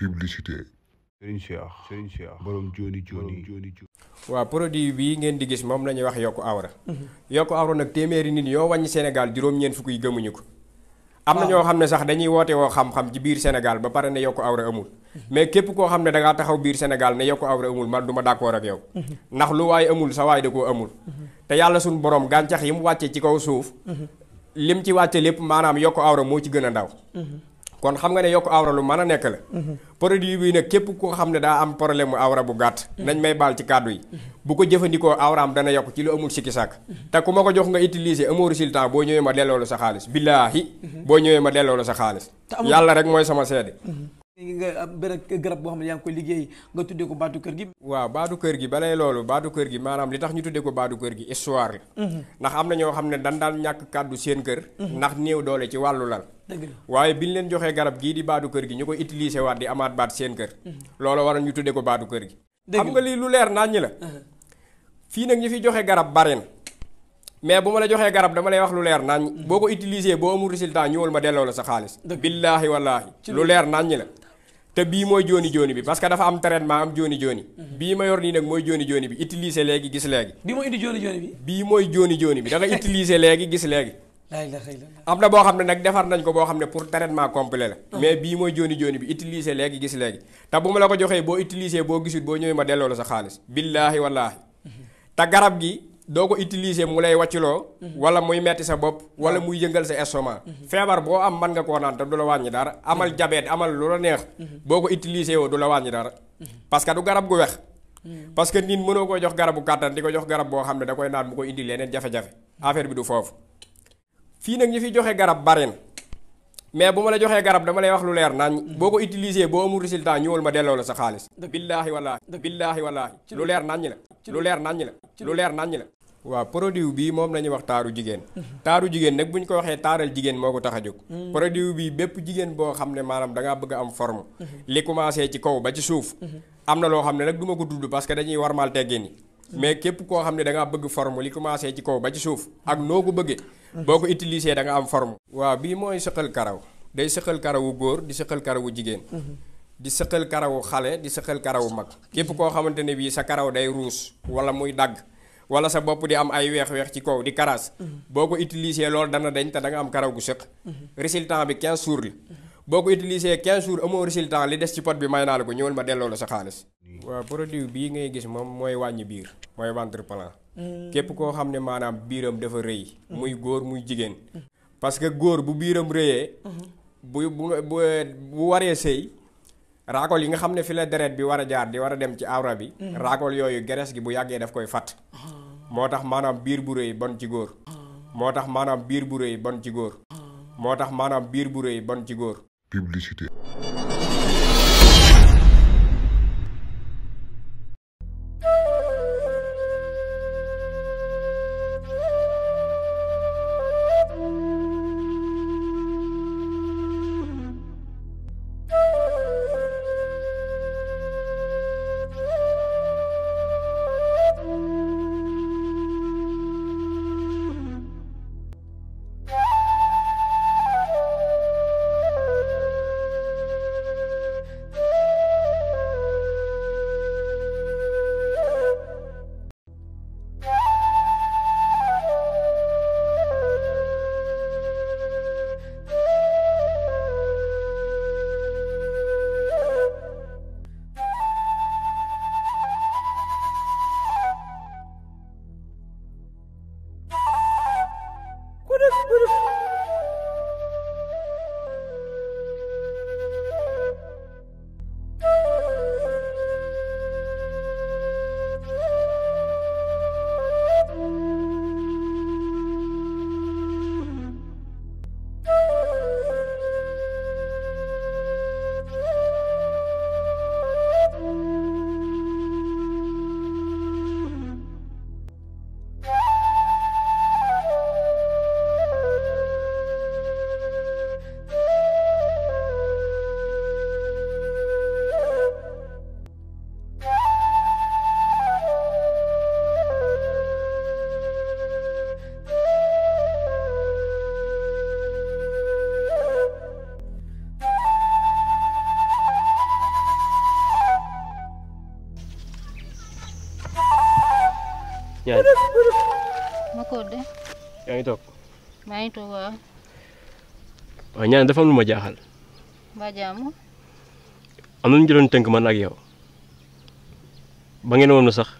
publicité. Serigne Cheikh Serigne Cheikh borom jooni jooni jooni. waaw produit bii ngeen di gis moom la ñuy wax yokku awra. yokku awra nag téeméeri nit yoo wàññi senegal juróom-ñeent fukk yi gëmuñu ko. am na ñoo xam ne sax dañuy woote woo xam-xam ci biir Sénégal ba pare ne yokk awra amul. mais képp koo xam ne dangaa taxaw biir senegal ne yokku awra amul ma du ma d'accord ak yow. Mhm. ndax lu waay amul sa waay da koo amul. Mhm. te yàlla suñu borom gàncax yi mu wàccee ci kaw suuf. Mhm. lim ci wàcce lépp maanaam yokk awra moo ci gën a ndaw kon xam nga ne yokk awra lu mën a nekk la produit bi nag képp koo xam ne daa am problème awra bu gàtt nañ may baal ci kàddu yi bu ko jëfandikoo awraam dana yokk ci lu amul sikki sàkk te ku ma ko jox nga utiliser amoo résultat boo ñëwee ma delloo la sa xaalis billaahi boo ñëwee ma delloo la sa xaalis yàlla rek mooy sama seede nga benn garab boo xam ne yaa ngi koy liggéey nga tuddee ko baatu kër gi. waaw baatu kër gi balay loolu baatu kër gi maanaam li tax ñu tuddee ko baatu kër gi histoire la. Mhm. ndax am na ñoo xam ne dan daan ñàkk kàddu seen kër. Mhm. ndax néew doole ci wàllu lal. waaye bi ñu leen joxee garab gii di baatu kër gi ñu ko utiliser waat di amaat baat seen kër. Mhm. loolu waral ñu tuddee ko baatu kër gi. xam nga lii lu leer naan la. fii nag ñu fi joxe garab bare na mais bu ma la joxee garab dama lay wax lu leer naan boo ko utiliser boo amul résultat ñëwal ma delloo la sa xaalis billaahi wallaahi lu leer naan la te bii mooy jooni jooni bi parce que dafa am traitement am jooni jooni mhm. bii ma yor nii nag mooy jooni jooni bi utiliser léegi gis léegi bii mooy indi jooni jooni mooy jooni jooni bi da nga léegi gis léegi am na boo xam ne nag defar nañ ko boo xam ne pour traitement complet la ah. mais bii mooy jooni jooni bi utiliser léegi gis léegi te bu ma la ko joxee boo utiliser boo gisul boo ñëwee ma delloo la sa xaalis billaahi wallaahi mhm. te garab gi doo ko utiliser mu lay wàcciloo mhm. wala muy metti sa bop wala muy yëngal sa estomac mhm. febar bo am man nga ko nan te la amal jabet mhm. amal lu la neex boko utiliser wo du la wàññi dara parce que du garab gu wex parce que nit mënoo ko jox garabu katan diko jox garab bo xamne ne da koy ko indi lenen jafe-jafe affaire bi du fofu fi nak ñi fi joxe garab bari mais buma la joxee garab dama lay wax lu leer nan boko utiliser bo amul résultat ñewul ma delo la sa xaliss billahi wallahi billahi wallahi lu leer ñi la lu leer ñi la lu leer ñi la waaw produit bii moom la ñuy wax taaru jigéen taaru jigéen nag bu ñu ko waxee taaral jigéen moo ko tax a jóg produit bi bépp jigéen boo xam ne maanaam da bëgg am form li commencé ci kaw ba ci suuf am na loo xam ne nag du ko tudd parce que dañuy warmal teggin yi mais képp koo xam ne bëgg forme li commencé ci kaw ba ci suuf ak noo ko bëggee boo ko utilisé da nga am forme waa bii mooy sëqal karaw day sëqal karawu góor di sëqal karawu jigéen di sëqal karawu xale di sëqal karawu mag képp koo xamante ne bii sa karaw day ruus wala muy dagg wala sa bopp di am ay weex-weex ci kaw di karaas mhm. boo ko utilisé loolu dana dañ te da nga am karaw gu sëq mhm. résultat bi 15 jours la mhm. boo ko utilisé 15 jours amoo résultat li des ci pot bi may naa la ko ñëwal ma delloo la sa xaalis waaw produit bii ngay gis moom mooy wàññi biir mooy ventre plan mm. képp koo xam ne maanaam biiram dafa rëy mm. muy góor muy jigéen mm. parce que góor bu biiram rëyee mm-hmm. bu bu bu waree sëy raakool yi nga xam ne fi la deret bi war a jaar di war a dem ci awra bi raakool yooyu gerees gi bu yàggee daf koy fàtt moo tax maanaam biir bu rëy bon ci góor moo tax maanaam biir bu rëy bon ci góor moo tax maanaam biir bu rëy bon ci góor publicité Yan. Makod eh. Yang itu. Main itu wah. Hanya anda faham rumah jahal. Bajamu. Anu jalan tengk man lagi yo. Bangin wono sax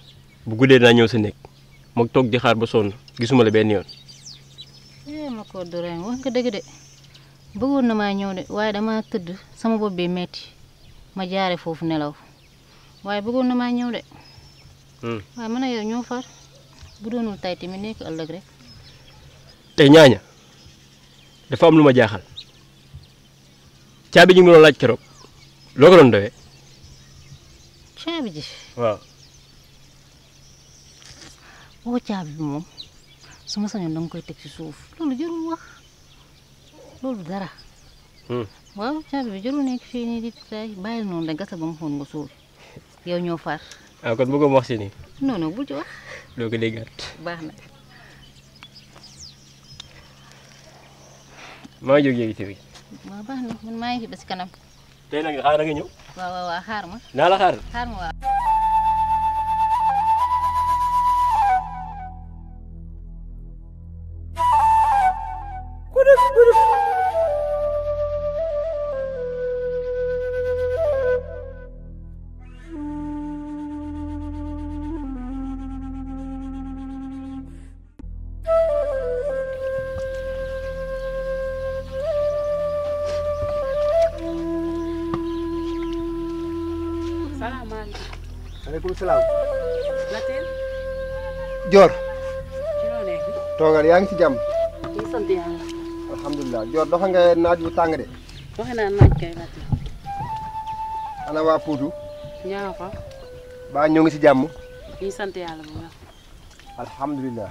bu guddé na ñew sa nek mok tok di xaar ba son gisuma la ben yoon. Eh mako do reng wax nga deug de. Bëggoon na ma ñew de waye dama tudd sama bob bi metti. Ma jaaré fofu nelaw. Waye bëggoon na ma ñew de. Hmm. Waye mëna yow ya, ñoo far budonul tay timi nek ëlëk rek tay ñaña dafa am luma jaaxal ciabi ñu mëno laaj kërok lo ko don dewe ciabi ji waaw boo ciabi bi moom su ma sañoon koy tek ci suuf lolu jarul wax lolu dara hmm waaw ciabi bi jarul nekk fii nii di tay bayil non da gasa ba mu xoon nga suuf yow ñoo far ah kon bëggoon wax ci ni non non bu ci wax doo ko déggaat baax na maa jóg yéegi tamit waaw baax na maa ngi fi ba si kanam tey nag xaar nga ñëw waaw waaw xaar ma naa la xaar xaar ma waaw waaleykum salaam. Latir. yaa ngi ci jàmm. ñu sant yàlla. alhamdulilah Dior doxe de. doxe naa naaj kay Latir. waa Poudou. ñaa fa. baa ñoo ngi ci jàmm. ñu sant yàlla bu baax. alhamdulilah.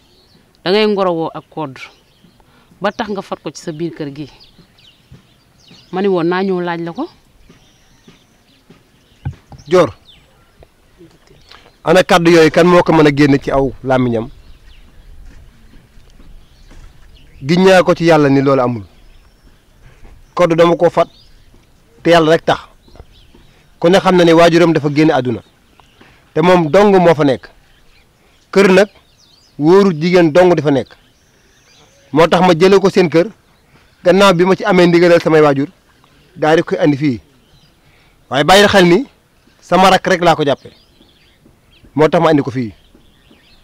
da ngay ngorowoo ak kodd ba tax nga fat ko ci sa biir kër gi ma ni woon naa ñëw laaj la ko. Dior ana kàddu yooyu kan moo ko mën a génne ci aw làmmiñam giññaa ko ci yàlla ni loolu amul kodd dama ko fat te yàlla rek tax ku ne xam na ne waajuram dafa génne àdduna te moom dong moo fa nekk kër nag. wóoru jigéen dong dafa nekk moo tax ma jëlee ko seen kër gannaaw bi ma ci amee ndigalal samay waajur daal di koy andi fii waaye bàyyi xel ni sama rakk rekk laa ko jàppe moo tax ma andi ko fii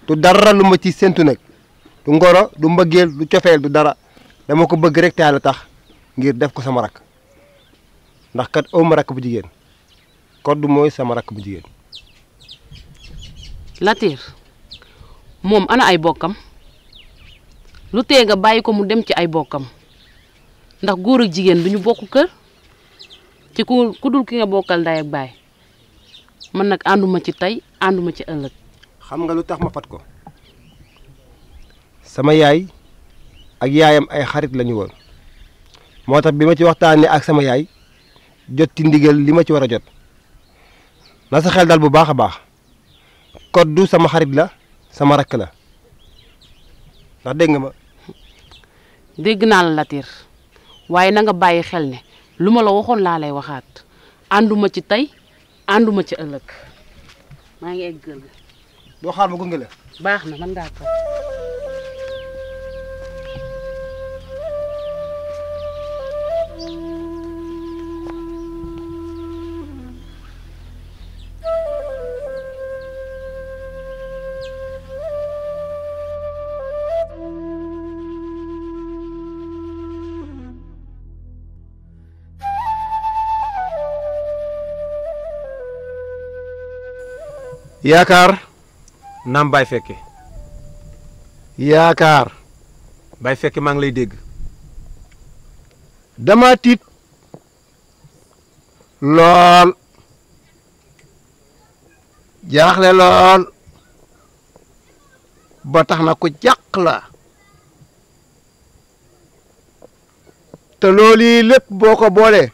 du dara lu ma ci séntu nag du ngoro du mbëggeel du cofeel du dara dama ko bëgg rek te yàlla tax ngir def ko sama rakk ndax kat aw ma rakk bu jigéen Codou mooy sama rakk bu jigéen moom ana ay bokam lu tey nga bayiko mu dem ci ay bokam ndax goor ak jigen duñu bokku keur ci ku ku ki nga bokal nday ak bay man nak anduma ci tay anduma ci euleuk xam nga lu tax ma fat ko sama yaay ak yaayam ay xarit lañu woon motax bima ci waxtane ak sama yaay jot ti ndigal lima ci wara jot na sa xel dal bu baax koddu sama xarit la sama rakk la ndax dégg nga ma. dégg naa la Latir waaye na nga bàyyi xel ne lu ma la waxoon laa lay waxaat ànduma ci tey ànduma ci ëllëg maa ngi egg gël. doo xaar ma gunge la. baax na man ngaa toog. yaakaar naam baay fekke yaakaar baay fekke maa ngi lay dégg dama tiit lool jaaxle lool ba tax na ku jàq la te loolu yi lépp boo ko boolee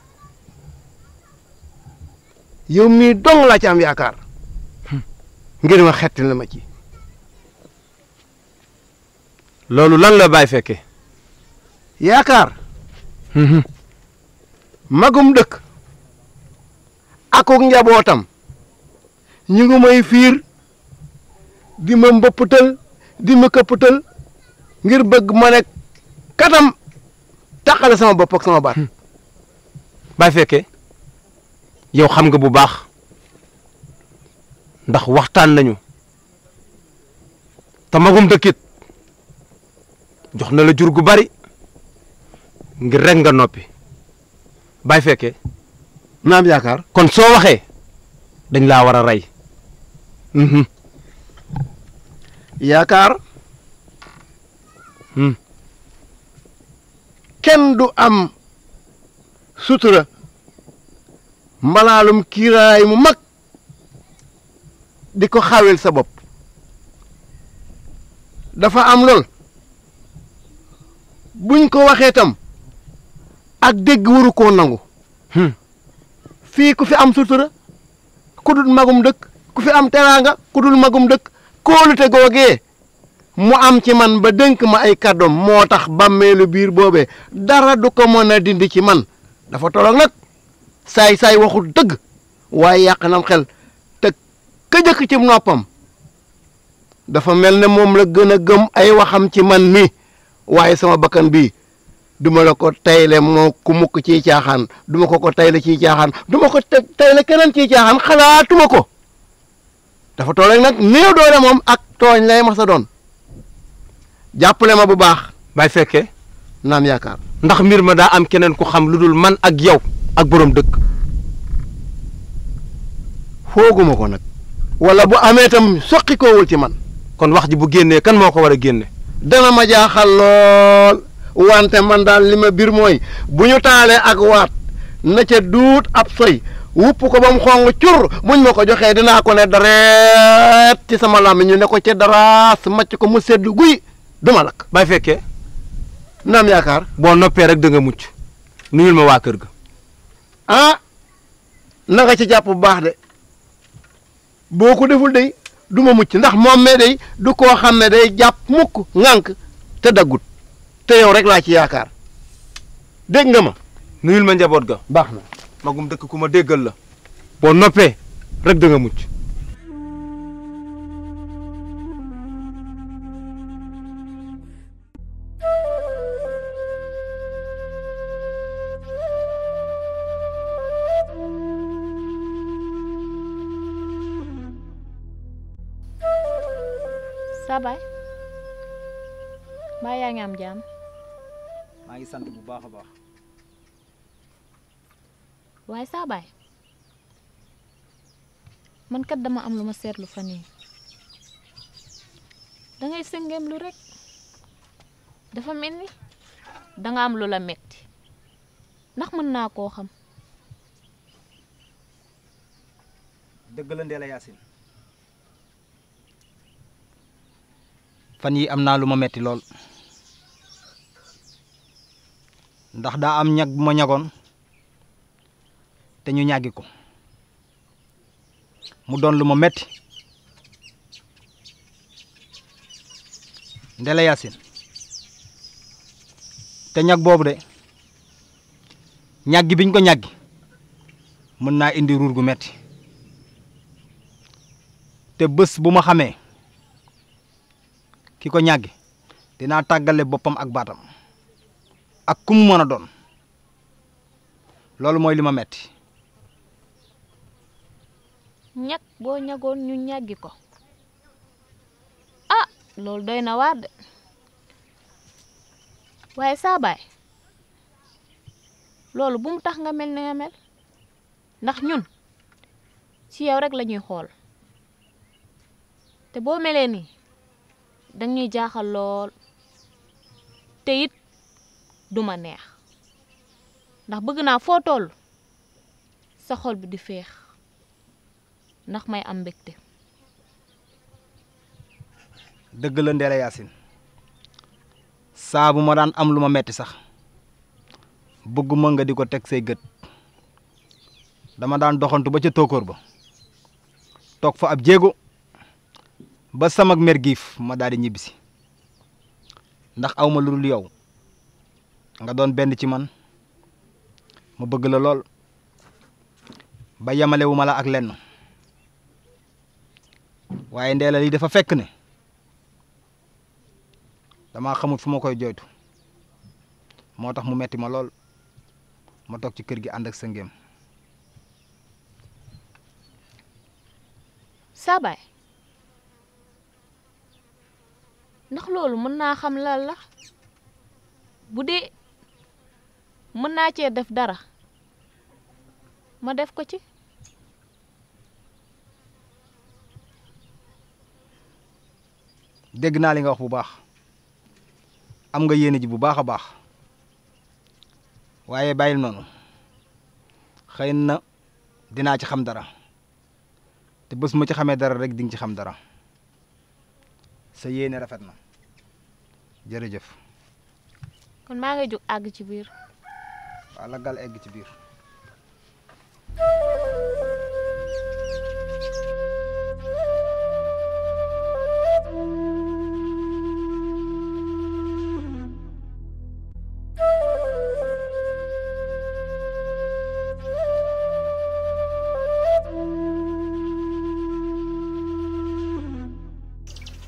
yow mii dong laa ci am yaakaar ngir ma xettil na ma ci lolou lan la bay fekke yaakaar mhm. magum dëkk akuk njabotam ñu ngi may fiir di ma mbopputal di ma kepputal ngir bëgg ma ne katam tàqale sama bopp ak sama baat mhm. bay fekke yow xam nga bu baax ndax waxtaan nañu te magum dëkkit jox na la jur gu bari ngir rekk nga noppi bay fekke naam yaakaar kon soo waxee dañ la war a rey mhm. yaakaar hmm. kenn du am sutura mbalaalum kiiraay mu mag di ko xawel sa bopp dafa am lool buñ ko waxee tam ak dégg waru koo nangu hmm. fii ku fi am sutura ku dul magum dëkk ku fi am teraanga ku dul magum dëkk kóolute googee mu am ci man ba dënk ma ay kàddoom moo tax bàmmeelu biir boobee dara du ko mën a dindi ci man dafa tolloog nag saay saay waxul dëgg waaye yàq nam xel ka jëkk ci noppam dafa mel ne moom la gën a gëm ay waxam ci man mi waaye sama bakkan bii duma la ko tayle moo ku mukk ci caaxaan duma ko ko tayle ciy caaxaan duma ko tayle keneen ciy caaxaan xalaatuma ko dafa toole nag néew doole moom ak tooñ lay masa doon jàppale ma bu baax. bay fekkee. naam yaakaar. ndax mbir ma daa am keneen ku xam lu dul man ak yow ak borom dëkk. fooguma ko nag. wala bu amee itam wul ci man kon wax ji bu génné kan moko wara war dana ma jaaxal lol wante man dal lima bir moy buñu talé ak wat na ca duut ab soy wupp ko bam xong cur buñ mako joxé dina ko né dareet ci sama lam ñu né ko ci daraas macc ko mu sedd guy duma lak bay féké nam yaakar bo noppé rek da nga mucc nuyul ma wa kër ga ah na nga ci japp bu baax de boo ko deful day du ma mucc ndax moom me day du koo xam ne day jàpp mukk ŋànk te daggut te yow rek laa ci yaakaar dégg nga ma. nuyul ma njaboot ga. baax na magum dëkk ku ma déggal la. boo noppee rek da nga mucc. waaye sa bay man kat dama am luma setlu fani da ngay sengem lu rek dafa melni da nga am lula metti ndax man na ko xam dëgg la fan yi amna luma metti lol ndax da am ñag buma ma te ñu ko mu doon lu tenyak metti nyagi yasin te ñag bobu de ñàggi biñ ko ñàggi mën na indi ruur gu metti te bëss bu ma xamé kiko ko dina tagalé bopam ak batam ak kum mëna doon moy lima metti ñag boo ñagoon ñu ñaggi ko ah loolu doy na waar de waaye saa baay loolu bu mu tax nga mel ni nga mel ndax ñun ci yow rek lañuy xool te boo melee nii dañuy jaaxal lool te it duma neex ndax bëgg naa foo toll sa xol bi di feex Nak may am mbekté deug la Ndella yassine sa bu ma daan am luma metti sax bëgguma nga diko tek sey gëtt dama daan doxantu ba ci tokor ba tok fa ab jéego ba samak mer gif ma daal di ndax awma lulul yow nga doon benn ci man ma bëgg la lool ba yamalé wu mala ak lenn waaye ndeela lii dafa fekk ne dama xamut fu ma koy jooytu moo tax mu metti ma lool ma toog ci kër gi ànd ak sa ngéem ndax loolu mën naa xam lan la bu dee mën naa cee def dara ma def ko ci dégg naa li nga wax bu baax am nga yéene ji bu baax a baax waaye bàyyil noonu xëy na dinaa ci xam dara te bés ma ci xamee dara rek di nga ci xam dara sa yéene rafet na jërëjëf. kon maa ngay jóg àgg ci biir. waaw gal egg ci biir.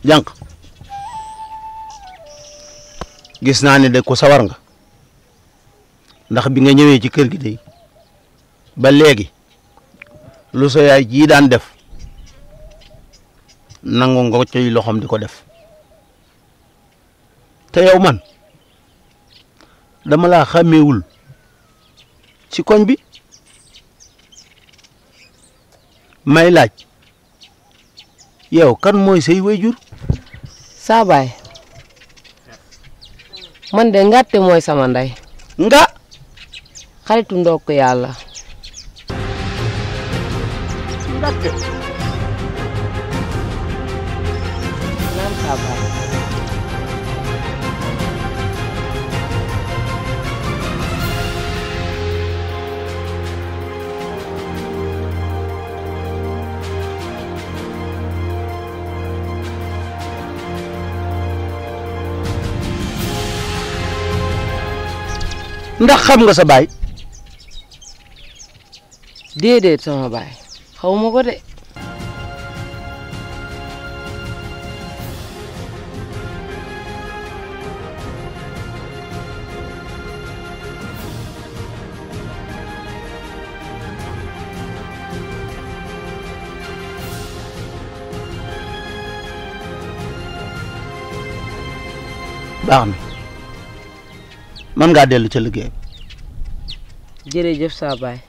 jànq gis naa ne de ko sawar nga ndax bi nga ñëwee ci kër gi de ba léegi lu sa yaay jii daan def nangu nga ci loxoom di ko def te yow man dama laa xàmmeewul ci koñ bi may laaj yow kan mooy say wayjur Sabay. man de ngatte moy sama nday nga. xaritu ndokk yàlla. ngàtte. naan Sabay. ndax xam nga sa baay. déedéet sama baay xaw ma ko de. baax na mën ngaa dellu ca liggéey jërëjëf saa baay